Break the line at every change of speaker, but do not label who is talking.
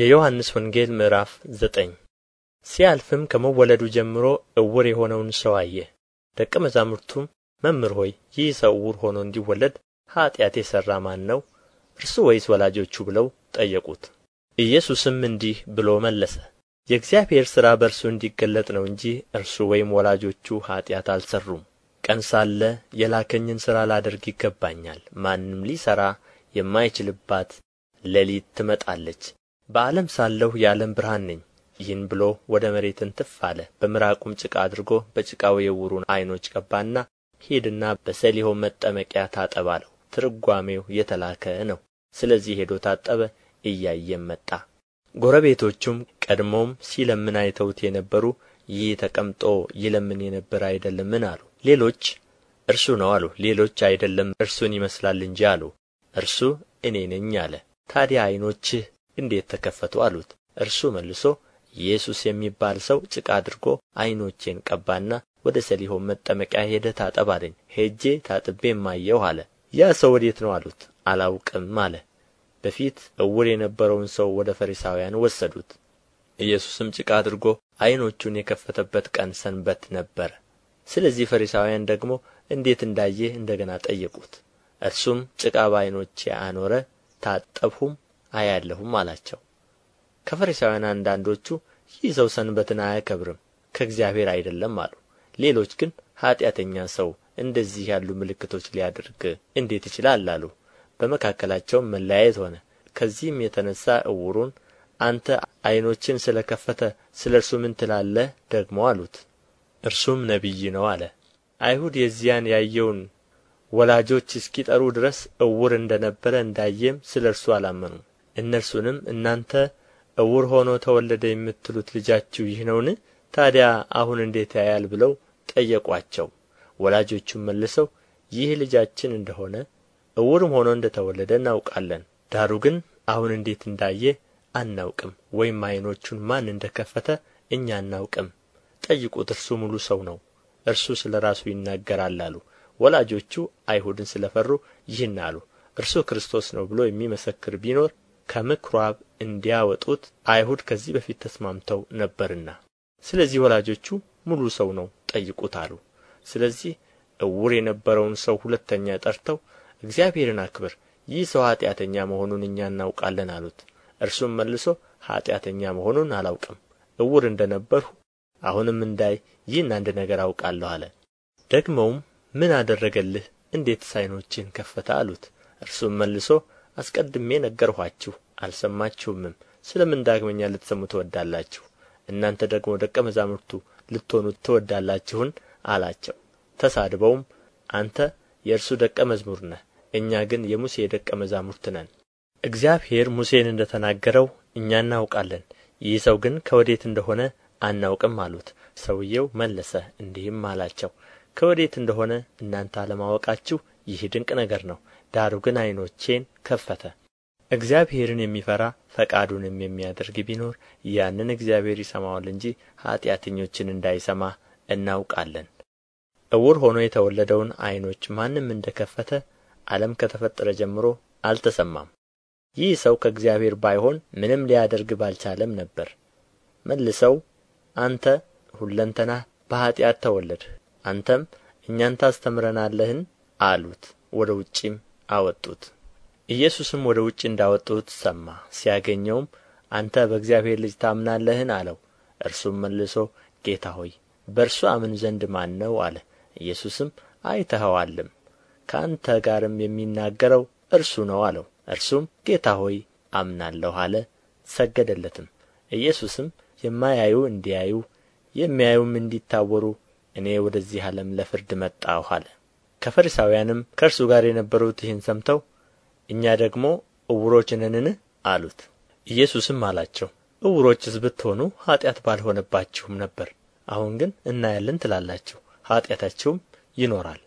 የዮሐንስ ወንጌል ምዕራፍ ዘጠኝ ሲያልፍም ከመወለዱ ጀምሮ እውር የሆነውን ሰው አየ። ደቀ መዛሙርቱም መምህር ሆይ ይህ ሰው እውር ሆኖ እንዲወለድ ኃጢአት የሠራ ማን ነው? እርሱ ወይስ ወላጆቹ ብለው ጠየቁት። ኢየሱስም እንዲህ ብሎ መለሰ፣ የእግዚአብሔር ሥራ በእርሱ እንዲገለጥ ነው እንጂ እርሱ ወይም ወላጆቹ ኃጢአት አልሠሩም። ቀን ሳለ የላከኝን ሥራ ላደርግ ይገባኛል። ማንም ሊሠራ የማይችልባት ሌሊት ትመጣለች በዓለም ሳለሁ የዓለም ብርሃን ነኝ ይህን ብሎ ወደ መሬት እንትፍ አለ በምራቁም ጭቃ አድርጎ በጭቃው የዕውሩን ዐይኖች ቀባና ሂድና በሰሊሆ መጠመቂያ ታጠብ አለው ትርጓሜው የተላከ ነው ስለዚህ ሄዶ ታጠበ እያየም መጣ ጎረቤቶቹም ቀድሞም ሲለምን አይተውት የነበሩ ይህ ተቀምጦ ይለምን የነበረ አይደለምን አሉ ሌሎች እርሱ ነው አሉ ሌሎች አይደለም እርሱን ይመስላል እንጂ አሉ እርሱ እኔ ነኝ አለ ታዲያ ዐይኖችህ እንዴት ተከፈቱ አሉት እርሱ መልሶ ኢየሱስ የሚባል ሰው ጭቃ አድርጎ ዓይኖቼን ቀባና ወደ ሰሊሆም መጠመቂያ ሄደህ ታጠብ አለኝ ሄጄ ታጥቤ አየሁ አለ ያ ሰው ወዴት ነው አሉት አላውቅም አለ በፊት እውር የነበረውን ሰው ወደ ፈሪሳውያን ወሰዱት ኢየሱስም ጭቃ አድርጎ አይኖቹን የከፈተበት ቀን ሰንበት ነበር! ስለዚህ ፈሪሳውያን ደግሞ እንዴት እንዳየ እንደገና ጠየቁት እርሱም ጭቃ በዓይኖቼ አኖረ ታጠብሁም አያለሁም አላቸው ከፈሪሳውያን አንዳንዶቹ ይህ ሰው ሰንበትን አያከብርም ከእግዚአብሔር አይደለም አሉ ሌሎች ግን ኀጢአተኛ ሰው እንደዚህ ያሉ ምልክቶች ሊያደርግ እንዴት ይችላል አሉ በመካከላቸውም መለያየት ሆነ ከዚህም የተነሳ ዕውሩን አንተ ዐይኖችን ስለ ከፈተ ስለ እርሱ ምን ትላለህ ደግሞ አሉት እርሱም ነቢይ ነው አለ አይሁድ የዚያን ያየውን ወላጆች እስኪጠሩ ድረስ ዕውር እንደ ነበረ እንዳየም ስለ እርሱ አላመኑም እነርሱንም እናንተ እውር ሆኖ ተወለደ የምትሉት ልጃችሁ ይህ ነውን ታዲያ አሁን እንዴት ያያል ብለው ጠየቋቸው ወላጆቹም መልሰው ይህ ልጃችን እንደሆነ እውርም ሆኖ እንደ ተወለደ እናውቃለን ዳሩ ግን አሁን እንዴት እንዳየ አናውቅም ወይም አይኖቹን ማን እንደ ከፈተ እኛ አናውቅም ጠይቁት እርሱ ሙሉ ሰው ነው እርሱ ስለ ራሱ ይናገራል አሉ ወላጆቹ አይሁድን ስለ ፈሩ ይህን አሉ እርሱ ክርስቶስ ነው ብሎ የሚመሰክር ቢኖር ከምኵራብ እንዲያወጡት አይሁድ ከዚህ በፊት ተስማምተው ነበርና ስለዚህ ወላጆቹ ሙሉ ሰው ነው ጠይቁት አሉ ስለዚህ እውር የነበረውን ሰው ሁለተኛ ጠርተው እግዚአብሔርን አክብር ይህ ሰው ኃጢአተኛ መሆኑን እኛ እናውቃለን አሉት እርሱም መልሶ ኃጢአተኛ መሆኑን አላውቅም እውር እንደ ነበርሁ አሁንም እንዳይ ይህን አንድ ነገር አውቃለሁ አለ ደግመውም ምን አደረገልህ እንዴትስ ዓይኖችህን ከፈተ አሉት እርሱም መልሶ አስቀድሜ ነገርኋችሁ አልሰማችሁምም ስለ ምን ዳግመኛ ልትሰሙ ትወዳላችሁ እናንተ ደግሞ ደቀ መዛሙርቱ ልትሆኑ ትወዳላችሁን አላቸው ተሳድበውም አንተ የእርሱ ደቀ መዝሙር ነህ እኛ ግን የሙሴ ደቀ መዛሙርት ነን እግዚአብሔር ሙሴን እንደ ተናገረው እኛ እናውቃለን ይህ ሰው ግን ከወዴት እንደሆነ አናውቅም አሉት ሰውየው መለሰ እንዲህም አላቸው ከወዴት እንደሆነ እናንተ አለማወቃችሁ ይህ ድንቅ ነገር ነው ዳሩ ግን ዐይኖቼን ከፈተ እግዚአብሔርን የሚፈራ ፈቃዱንም የሚያደርግ ቢኖር ያንን እግዚአብሔር ይሰማዋል እንጂ ኃጢአተኞችን እንዳይሰማ እናውቃለን። እውር ሆኖ የተወለደውን ዐይኖች ማንም እንደ ከፈተ ዓለም ከተፈጠረ ጀምሮ አልተሰማም። ይህ ሰው ከእግዚአብሔር ባይሆን ምንም ሊያደርግ ባልቻለም ነበር። መልሰው አንተ ሁለንተናህ በኀጢአት ተወለድህ፣ አንተም እኛን ታስተምረናለህን አሉት። ወደ ውጪም አወጡት። ኢየሱስም ወደ ውጭ እንዳወጡት ሰማ ሲያገኘውም አንተ በእግዚአብሔር ልጅ ታምናለህን አለው እርሱም መልሶ ጌታ ሆይ በእርሱ አምን ዘንድ ማን ነው አለ ኢየሱስም አይተኸዋልም ከአንተ ጋርም የሚናገረው እርሱ ነው አለው እርሱም ጌታ ሆይ አምናለሁ አለ ሰገደለትም ኢየሱስም የማያዩ እንዲያዩ የሚያዩም እንዲታወሩ እኔ ወደዚህ ዓለም ለፍርድ መጣሁ አለ ከፈሪሳውያንም ከእርሱ ጋር የነበሩት ይህን ሰምተው እኛ ደግሞ ዕውሮች ነንን አሉት ኢየሱስም አላቸው ዕውሮችስ ብትሆኑ ኀጢአት ባልሆነባችሁም ነበር አሁን ግን እናያለን ትላላችሁ ኀጢአታችሁም ይኖራል